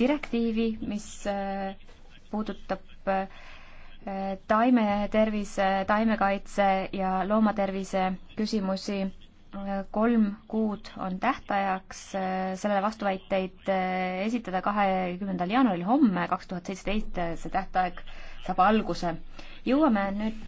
direktiivi, mis äh, puudutab äh, taimetervise, taimekaitse ja loomatervise küsimusi. Äh, kolm kuud on tähtajaks sellele vastuväiteid esitada kahekümnendal jaanuaril homme, kaks tuhat seitseteist see tähtaeg saab alguse. jõuame nüüd